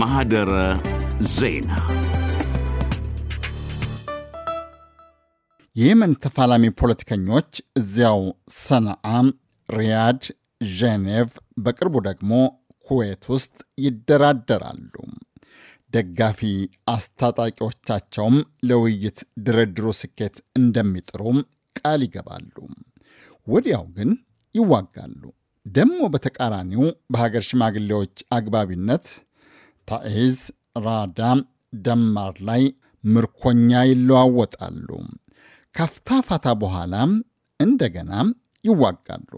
ማህደረ ዜና የየመን ተፋላሚ ፖለቲከኞች እዚያው ሰነአ፣ ሪያድ፣ ዤኔቭ በቅርቡ ደግሞ ኩዌት ውስጥ ይደራደራሉ። ደጋፊ አስታጣቂዎቻቸውም ለውይይት ድርድሩ ስኬት እንደሚጥሩ ቃል ይገባሉ። ወዲያው ግን ይዋጋሉ። ደግሞ በተቃራኒው በሀገር ሽማግሌዎች አግባቢነት ታኢዝ፣ ራዳ፣ ደማር ላይ ምርኮኛ ይለዋወጣሉ። ከፍታፋታ ፋታ በኋላ እንደገና ይዋጋሉ።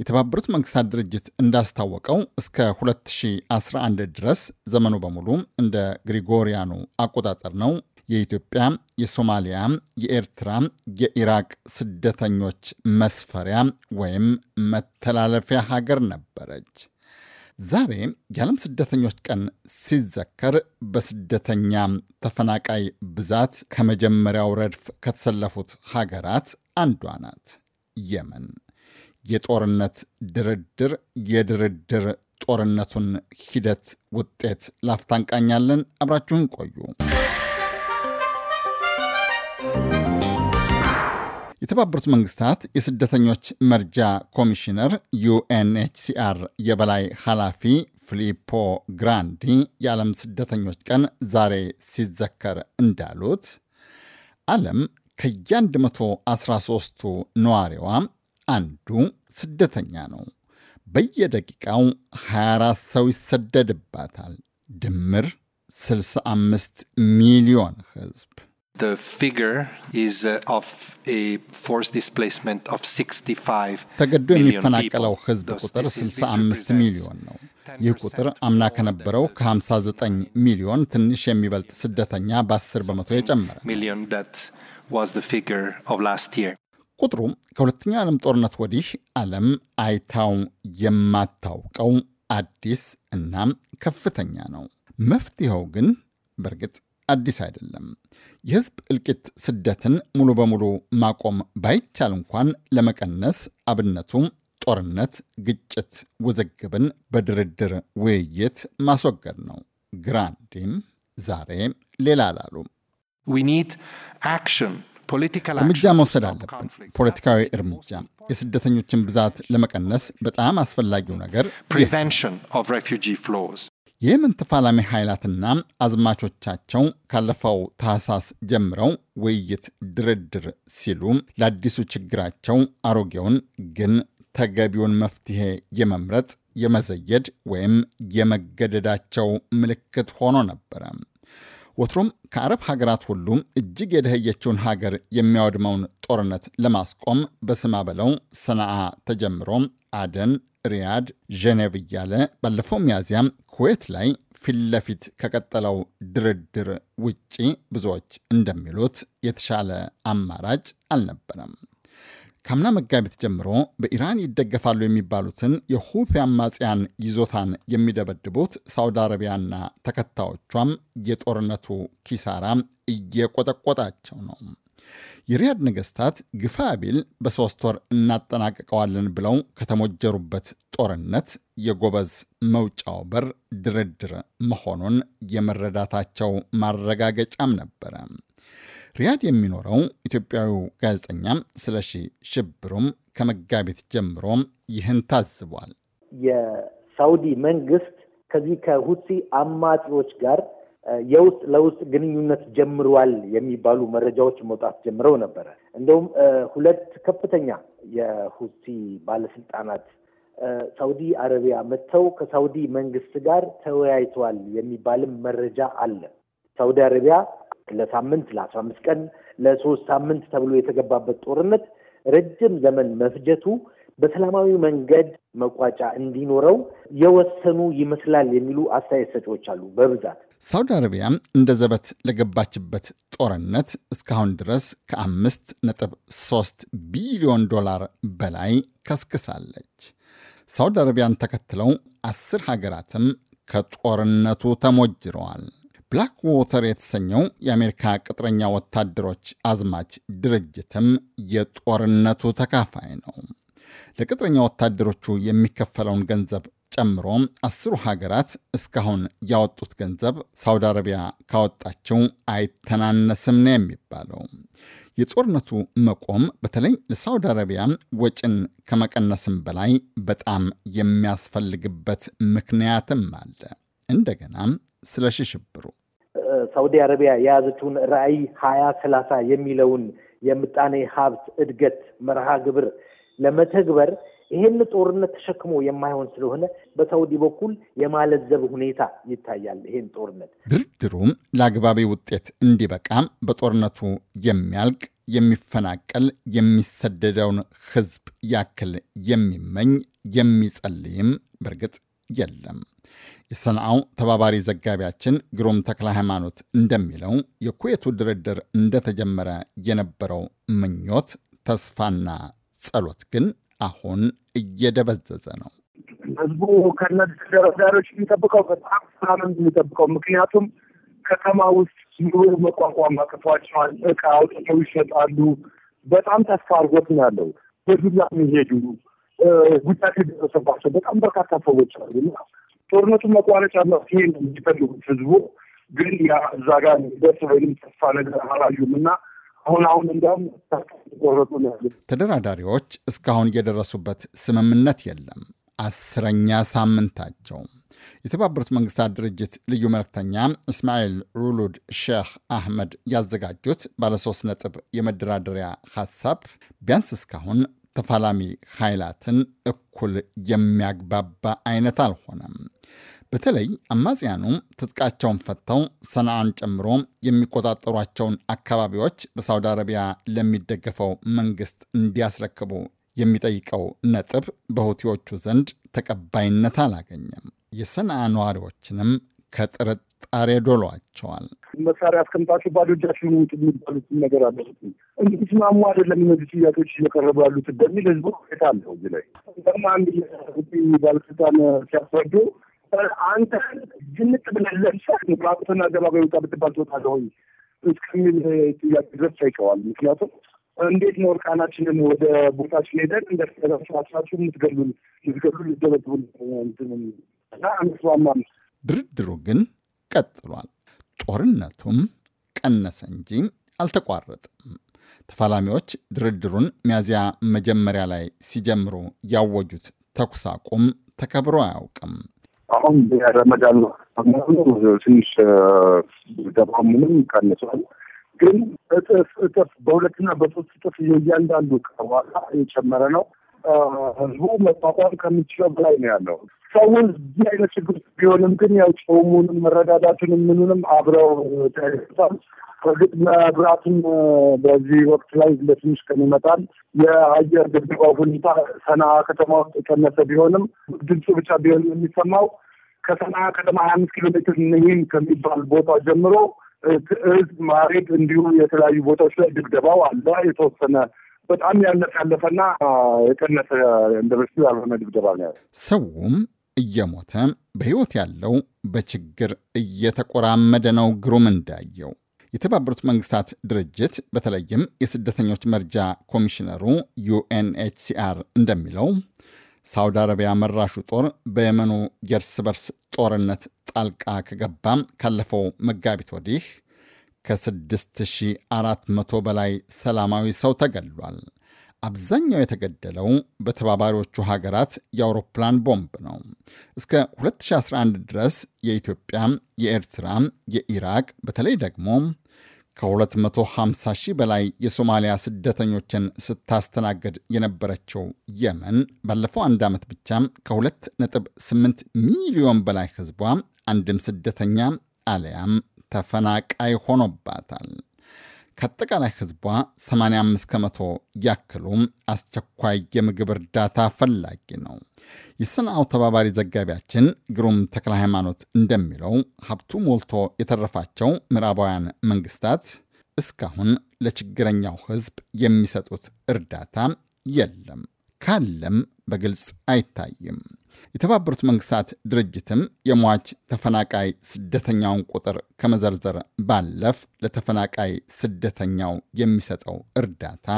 የተባበሩት መንግስታት ድርጅት እንዳስታወቀው እስከ 2011 ድረስ ዘመኑ በሙሉ እንደ ግሪጎሪያኑ አቆጣጠር ነው የኢትዮጵያ፣ የሶማሊያ፣ የኤርትራ፣ የኢራቅ ስደተኞች መስፈሪያ ወይም መተላለፊያ ሀገር ነበረች። ዛሬ የዓለም ስደተኞች ቀን ሲዘከር በስደተኛ ተፈናቃይ ብዛት ከመጀመሪያው ረድፍ ከተሰለፉት ሀገራት አንዷ ናት የመን። የጦርነት ድርድር የድርድር ጦርነቱን ሂደት ውጤት ላፍታ አብራችሁን ቆዩ። የተባበሩት መንግስታት የስደተኞች መርጃ ኮሚሽነር ዩኤንኤችሲአር የበላይ ኃላፊ ፊሊፖ ግራንዲ የዓለም ስደተኞች ቀን ዛሬ ሲዘከር እንዳሉት ዓለም ከየ 13 ቱ ነዋሪዋ አንዱ ስደተኛ ነው። በየደቂቃው 24 ሰው ይሰደድባታል። ድምር 65 ሚሊዮን ህዝብ The figure is uh, of a forced displacement of 65 ተገዶ የሚፈናቀለው ህዝብ ቁጥር 65 ሚሊዮን ነው። ይህ ቁጥር አምና ከነበረው ከ59 ሚሊዮን ትንሽ የሚበልጥ ስደተኛ በ10 በመቶ የጨመረ ቁጥሩ ከሁለተኛ ዓለም ጦርነት ወዲህ ዓለም አይታው የማታውቀው አዲስ እናም ከፍተኛ ነው። መፍትሄው ግን በእርግጥ አዲስ አይደለም። የህዝብ እልቂት ስደትን ሙሉ በሙሉ ማቆም ባይቻል እንኳን ለመቀነስ አብነቱም ጦርነት፣ ግጭት፣ ውዝግብን በድርድር ውይይት ማስወገድ ነው። ግራንዲም ዛሬ ሌላ አላሉ። እርምጃ መውሰድ አለብን። ፖለቲካዊ እርምጃ። የስደተኞችን ብዛት ለመቀነስ በጣም አስፈላጊው ነገር የየመን ተፋላሚ ኃይላትና አዝማቾቻቸው ካለፈው ታህሳስ ጀምረው ውይይት፣ ድርድር ሲሉ ለአዲሱ ችግራቸው አሮጌውን ግን ተገቢውን መፍትሄ የመምረጥ የመዘየድ ወይም የመገደዳቸው ምልክት ሆኖ ነበረ። ወትሮም ከአረብ ሀገራት ሁሉ እጅግ የደህየችውን ሀገር የሚያወድመውን ጦርነት ለማስቆም በስማ በለው ሰነአ ተጀምሮ አደን ሪያድ፣ ጀኔቭ እያለ ባለፈው ሚያዝያም ኩዌት ላይ ፊት ለፊት ከቀጠለው ድርድር ውጪ ብዙዎች እንደሚሉት የተሻለ አማራጭ አልነበረም። ከአምና መጋቢት ጀምሮ በኢራን ይደገፋሉ የሚባሉትን የሁቲ አማጽያን ይዞታን የሚደበድቡት ሳውዲ አረቢያና ተከታዮቿም የጦርነቱ ኪሳራ እየቆጠቆጣቸው ነው። የሪያድ ነገስታት ግፋ ቢል በሶስት ወር እናጠናቅቀዋለን ብለው ከተሞጀሩበት ጦርነት የጎበዝ መውጫው በር ድርድር መሆኑን የመረዳታቸው ማረጋገጫም ነበረ። ሪያድ የሚኖረው ኢትዮጵያዊው ጋዜጠኛም ስለሺ ሽብሩም ከመጋቢት ጀምሮ ይህን ታዝቧል። የሳውዲ መንግስት ከዚህ ከሁቲ አማጺዎች ጋር የውስጥ ለውስጥ ግንኙነት ጀምሯል የሚባሉ መረጃዎች መውጣት ጀምረው ነበረ። እንደውም ሁለት ከፍተኛ የሁቲ ባለስልጣናት ሳውዲ አረቢያ መጥተው ከሳውዲ መንግስት ጋር ተወያይተዋል የሚባልም መረጃ አለ። ሳውዲ አረቢያ ለሳምንት ለአስራ አምስት ቀን ለሶስት ሳምንት ተብሎ የተገባበት ጦርነት ረጅም ዘመን መፍጀቱ በሰላማዊ መንገድ መቋጫ እንዲኖረው የወሰኑ ይመስላል የሚሉ አስተያየት ሰጪዎች አሉ በብዛት ሳውዲ አረቢያ እንደ ዘበት ለገባችበት ጦርነት እስካሁን ድረስ ከአምስት ነጥብ ሶስት ቢሊዮን ዶላር በላይ ከስክሳለች። ሳውዲ አረቢያን ተከትለው አስር ሀገራትም ከጦርነቱ ተሞጅረዋል። ብላክ ዎተር የተሰኘው የአሜሪካ ቅጥረኛ ወታደሮች አዝማች ድርጅትም የጦርነቱ ተካፋይ ነው። ለቅጥረኛ ወታደሮቹ የሚከፈለውን ገንዘብ ጨምሮ አስሩ ሀገራት እስካሁን ያወጡት ገንዘብ ሳውዲ አረቢያ ካወጣቸው አይተናነስም ነው የሚባለው። የጦርነቱ መቆም በተለይ ለሳውዲ አረቢያ ወጪን ከመቀነስም በላይ በጣም የሚያስፈልግበት ምክንያትም አለ። እንደገና ስለ ሽሽብሩ ሳውዲ አረቢያ የያዘችውን ራዕይ ሀያ ሰላሳ የሚለውን የምጣኔ ሀብት እድገት መርሃ ግብር ለመተግበር ይህን ጦርነት ተሸክሞ የማይሆን ስለሆነ በሳውዲ በኩል የማለዘብ ሁኔታ ይታያል። ይህን ጦርነት ድርድሩም ለአግባቢ ውጤት እንዲበቃም በጦርነቱ የሚያልቅ የሚፈናቀል የሚሰደደውን ህዝብ ያክል የሚመኝ የሚጸልይም በእርግጥ የለም። የሰንዓው ተባባሪ ዘጋቢያችን ግሩም ተክለ ሃይማኖት እንደሚለው የኩዌቱ ድርድር እንደተጀመረ የነበረው ምኞት ተስፋና ጸሎት ግን አሁን እየደበዘዘ ነው። ህዝቡ ከነዚህ ተደራዳሪዎች የሚጠብቀው በጣም ሳምን የሚጠብቀው ምክንያቱም ከተማ ውስጥ ኑሮ መቋቋም አቅቷቸዋል። እቃ አውጥተው ይሸጣሉ። በጣም ተስፋ አድርጎት ነው ያለው። በዱላ የሚሄዱ ጉዳት የደረሰባቸው በጣም በርካታ ሰዎች አሉ እና ጦርነቱን መቋረጫ ነው ይሄ የሚፈልጉት ህዝቡ ግን ያ እዛ ጋር ደስ ወይም ተስፋ ነገር አላዩም እና አሁን አሁን እንዲያውም ተደራዳሪዎች እስካሁን የደረሱበት ስምምነት የለም። አስረኛ ሳምንታቸው የተባበሩት መንግስታት ድርጅት ልዩ መልክተኛ እስማኤል ሩሉድ ሼህ አህመድ ያዘጋጁት ባለሶስት ነጥብ የመደራደሪያ ሐሳብ ቢያንስ እስካሁን ተፋላሚ ኃይላትን እኩል የሚያግባባ አይነት አልሆነም። በተለይ አማጽያኑ ትጥቃቸውን ፈተው ሰንዓን ጨምሮ የሚቆጣጠሯቸውን አካባቢዎች በሳውዲ አረቢያ ለሚደገፈው መንግስት እንዲያስረክቡ የሚጠይቀው ነጥብ በሁቲዎቹ ዘንድ ተቀባይነት አላገኘም። የሰንዓ ነዋሪዎችንም ከጥርጣሬ ዶሏቸዋል። መሳሪያ አስቀምጣችሁ ባዶ እጃችሁን ውጡ የሚባሉት ነገር አለ። እንግዲህ እንዲስማሙ አይደለም እነዚህ ጥያቄዎች እየቀረቡ ያሉት በሚል ህዝቡ ሁኔታ አለው። እዚህ ላይ አንድ ባለስልጣን ሲያስረዱ አንተ ግንጥ ብለህ ለምሳሌ ከአቅቶና አገባባዊ ውጣ ብትባል ትወጣለህ ወይ እስከሚል ጥያቄ ድረስ ጠይቀዋል። ምክንያቱም እንዴት ነው እርቃናችንን ወደ ቦታችን ሄደን እንደተገዛችሁ አስራችሁ የምትገሉን ልትገሉ ልደበድቡን እና አንስማማም። ድርድሩ ግን ቀጥሏል። ጦርነቱም ቀነሰ እንጂ አልተቋረጥም። ተፋላሚዎች ድርድሩን ሚያዝያ መጀመሪያ ላይ ሲጀምሩ ያወጁት ተኩስ አቁም ተከብሮ አያውቅም። አሁን የረመዳን ትንሽ ገባ ምንም ቀንሷል፣ ግን እጥፍ እጥፍ በሁለትና በሶስት እጥፍ እያንዳንዱ ቀን ዋጋ የጨመረ ነው። ህዝቡ መቋቋም ከሚችለው በላይ ነው ያለው። ሰውን እዚህ አይነት ችግር ቢሆንም ግን ያው ጾሙንም መረዳዳትንም ምኑንም አብረው ተያይዘታል። እርግጥ መብራትም በዚህ ወቅት ላይ ለትንሽ ቀን ይመጣል። የአየር ድብደባው ሁኔታ ሰና ከተማ ውስጥ የቀነሰ ቢሆንም ድምፁ ብቻ ቢሆን የሚሰማው ከሰና ከተማ ሀያ አምስት ኪሎ ሜትር ንሂን ከሚባል ቦታ ጀምሮ እዝ ማሬድ፣ እንዲሁ የተለያዩ ቦታዎች ላይ ድብደባው አለ የተወሰነ በጣም ያለፈ ያለፈና የቀነሰ እንደ በፊቱ ያልሆነ ድብደባ ነው። ሰውም እየሞተ በህይወት ያለው በችግር እየተቆራመደ ነው። ግሩም እንዳየው የተባበሩት መንግስታት ድርጅት በተለይም የስደተኞች መርጃ ኮሚሽነሩ ዩኤንኤችሲአር እንደሚለው ሳውዲ አረቢያ መራሹ ጦር በየመኑ የእርስ በርስ ጦርነት ጣልቃ ከገባም ካለፈው መጋቢት ወዲህ ከ6400 በላይ ሰላማዊ ሰው ተገድሏል። አብዛኛው የተገደለው በተባባሪዎቹ ሀገራት የአውሮፕላን ቦምብ ነው። እስከ 2011 ድረስ የኢትዮጵያ፣ የኤርትራ፣ የኢራቅ በተለይ ደግሞ ከ250 ሺህ በላይ የሶማሊያ ስደተኞችን ስታስተናግድ የነበረችው የመን ባለፈው አንድ ዓመት ብቻ ከ2.8 ሚሊዮን በላይ ሕዝቧ አንድም ስደተኛ አለያም ተፈናቃይ ሆኖባታል። ከአጠቃላይ ህዝቧ 85 ከመቶ ያክሉ አስቸኳይ የምግብ እርዳታ ፈላጊ ነው። የሰንአው ተባባሪ ዘጋቢያችን ግሩም ተክለ ሃይማኖት እንደሚለው ሀብቱ ሞልቶ የተረፋቸው ምዕራባውያን መንግስታት እስካሁን ለችግረኛው ህዝብ የሚሰጡት እርዳታ የለም፣ ካለም በግልጽ አይታይም። የተባበሩት መንግስታት ድርጅትም የሟች ተፈናቃይ ስደተኛውን ቁጥር ከመዘርዘር ባለፍ ለተፈናቃይ ስደተኛው የሚሰጠው እርዳታ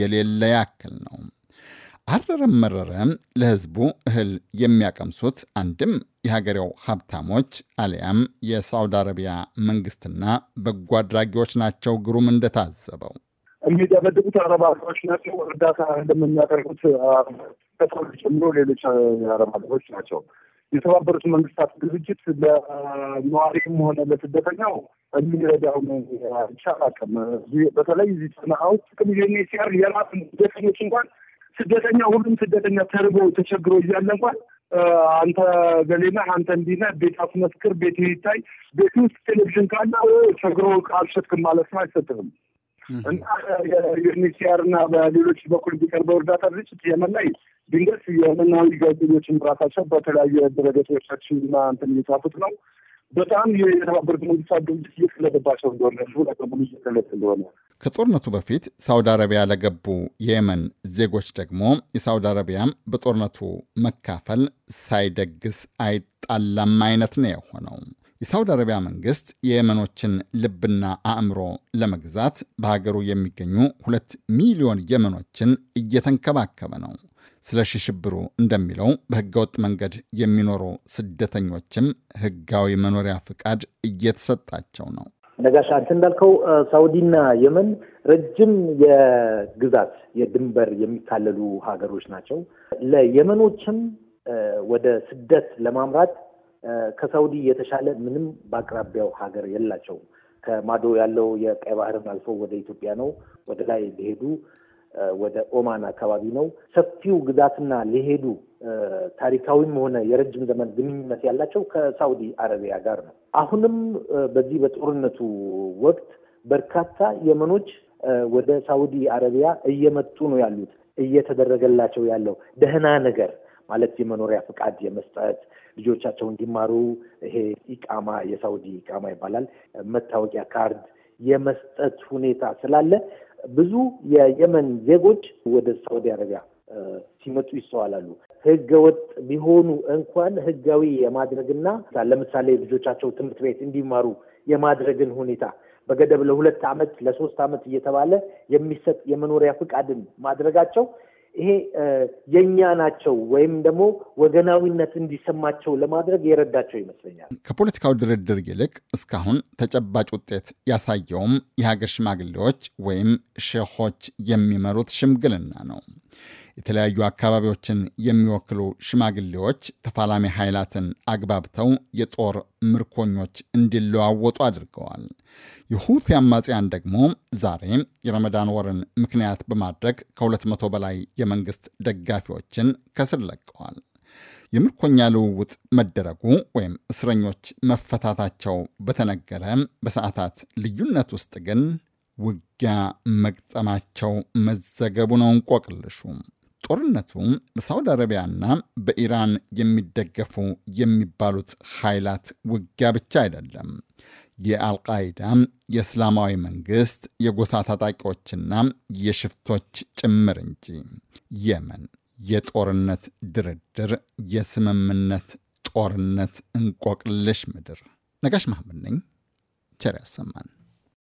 የሌለ ያክል ነው። አረረም መረረ ለህዝቡ እህል የሚያቀምሱት አንድም የሀገሬው ሀብታሞች አሊያም የሳውዲ አረቢያ መንግስትና በጎ አድራጊዎች ናቸው። ግሩም እንደታዘበው የሚደበድቡት አረብ ሀገሮች ናቸው። እርዳታ እንደምናደርጉት ቀጠሮን ጨምሮ ሌሎች አረብ ሀገሮች ናቸው። የተባበሩት መንግስታት ድርጅት ለነዋሪም ሆነ ለስደተኛው የሚረዳውን ብቻ አላውቅም። በተለይ እዚህ ጽንሀው ጥቅም ዩኤንኤችሲአር የራሱ ስደተኞች እንኳን ስደተኛ ሁሉም ስደተኛ ተርቦ ተቸግሮ እያለ እንኳን አንተ ገሌና አንተ እንዲነ ቤት አስመስክር፣ ቤት ይታይ፣ ቤት ውስጥ ቴሌቪዥን ካለ ቸግሮ አልሸጥክም ማለት ነው አይሰጥህም። እና ዩኤንኤችሲአር እና በሌሎች በኩል ቢቀርበው እርዳታ ድርጅት የመን ላይ ድንገት የመናዊ ጋዜጠኞችን ራሳቸው በተለያዩ ድረገጾቻችንና እንትን እየጻፉት ነው። በጣም የተባበሩት መንግስታት ድርጅት እየቀለደባቸው እንደሆነ ለሙሉ እየቀለደ እንደሆነ ከጦርነቱ በፊት ሳውዲ አረቢያ ለገቡ የየመን ዜጎች ደግሞ የሳውዲ አረቢያም በጦርነቱ መካፈል ሳይደግስ አይጣላም አይነት ነው የሆነው። የሳውዲ አረቢያ መንግስት የየመኖችን ልብና አእምሮ ለመግዛት በሀገሩ የሚገኙ ሁለት ሚሊዮን የመኖችን እየተንከባከበ ነው። ስለ ሽብሩ እንደሚለው በህገወጥ መንገድ የሚኖሩ ስደተኞችም ህጋዊ መኖሪያ ፍቃድ እየተሰጣቸው ነው። ነጋሽ፣ አንተ እንዳልከው ሳውዲና የመን ረጅም የግዛት የድንበር የሚካለሉ ሀገሮች ናቸው። ለየመኖችም ወደ ስደት ለማምራት ከሳውዲ የተሻለ ምንም በአቅራቢያው ሀገር የላቸውም። ከማዶ ያለው የቀይ ባህርን አልፎ ወደ ኢትዮጵያ ነው። ወደ ላይ ሊሄዱ ወደ ኦማን አካባቢ ነው። ሰፊው ግዛትና ሊሄዱ ታሪካዊም ሆነ የረጅም ዘመን ግንኙነት ያላቸው ከሳውዲ አረቢያ ጋር ነው። አሁንም በዚህ በጦርነቱ ወቅት በርካታ የመኖች ወደ ሳውዲ አረቢያ እየመጡ ነው ያሉት። እየተደረገላቸው ያለው ደህና ነገር ማለት የመኖሪያ ፍቃድ የመስጠት ልጆቻቸው እንዲማሩ ይሄ ኢቃማ የሳውዲ ኢቃማ ይባላል መታወቂያ ካርድ የመስጠት ሁኔታ ስላለ ብዙ የየመን ዜጎች ወደ ሳዑዲ አረቢያ ሲመጡ ይስተዋላሉ። ህገ ወጥ ቢሆኑ እንኳን ህጋዊ የማድረግና ለምሳሌ ልጆቻቸው ትምህርት ቤት እንዲማሩ የማድረግን ሁኔታ በገደብ ለሁለት ዓመት ለሶስት ዓመት እየተባለ የሚሰጥ የመኖሪያ ፍቃድን ማድረጋቸው ይሄ የእኛ ናቸው ወይም ደግሞ ወገናዊነት እንዲሰማቸው ለማድረግ የረዳቸው ይመስለኛል። ከፖለቲካው ድርድር ይልቅ እስካሁን ተጨባጭ ውጤት ያሳየውም የሀገር ሽማግሌዎች ወይም ሼሆች የሚመሩት ሽምግልና ነው። የተለያዩ አካባቢዎችን የሚወክሉ ሽማግሌዎች ተፋላሚ ኃይላትን አግባብተው የጦር ምርኮኞች እንዲለዋወጡ አድርገዋል። የሁቲ አማጽያን ደግሞ ዛሬ የረመዳን ወርን ምክንያት በማድረግ ከ200 በላይ የመንግሥት ደጋፊዎችን ከስር ለቀዋል። የምርኮኛ ልውውጥ መደረጉ ወይም እስረኞች መፈታታቸው በተነገረ በሰዓታት ልዩነት ውስጥ ግን ውጊያ መግጠማቸው መዘገቡ ነው እንቆቅልሹ። ጦርነቱ በሳውዲ አረቢያና በኢራን የሚደገፉ የሚባሉት ኃይላት ውጊያ ብቻ አይደለም። የአልቃይዳ፣ የእስላማዊ መንግስት፣ የጎሳ ታጣቂዎችና የሽፍቶች ጭምር እንጂ የመን የጦርነት ድርድር፣ የስምምነት ጦርነት እንቆቅልሽ ምድር። ነጋሽ መሐመድ ነኝ። ቸር ያሰማን።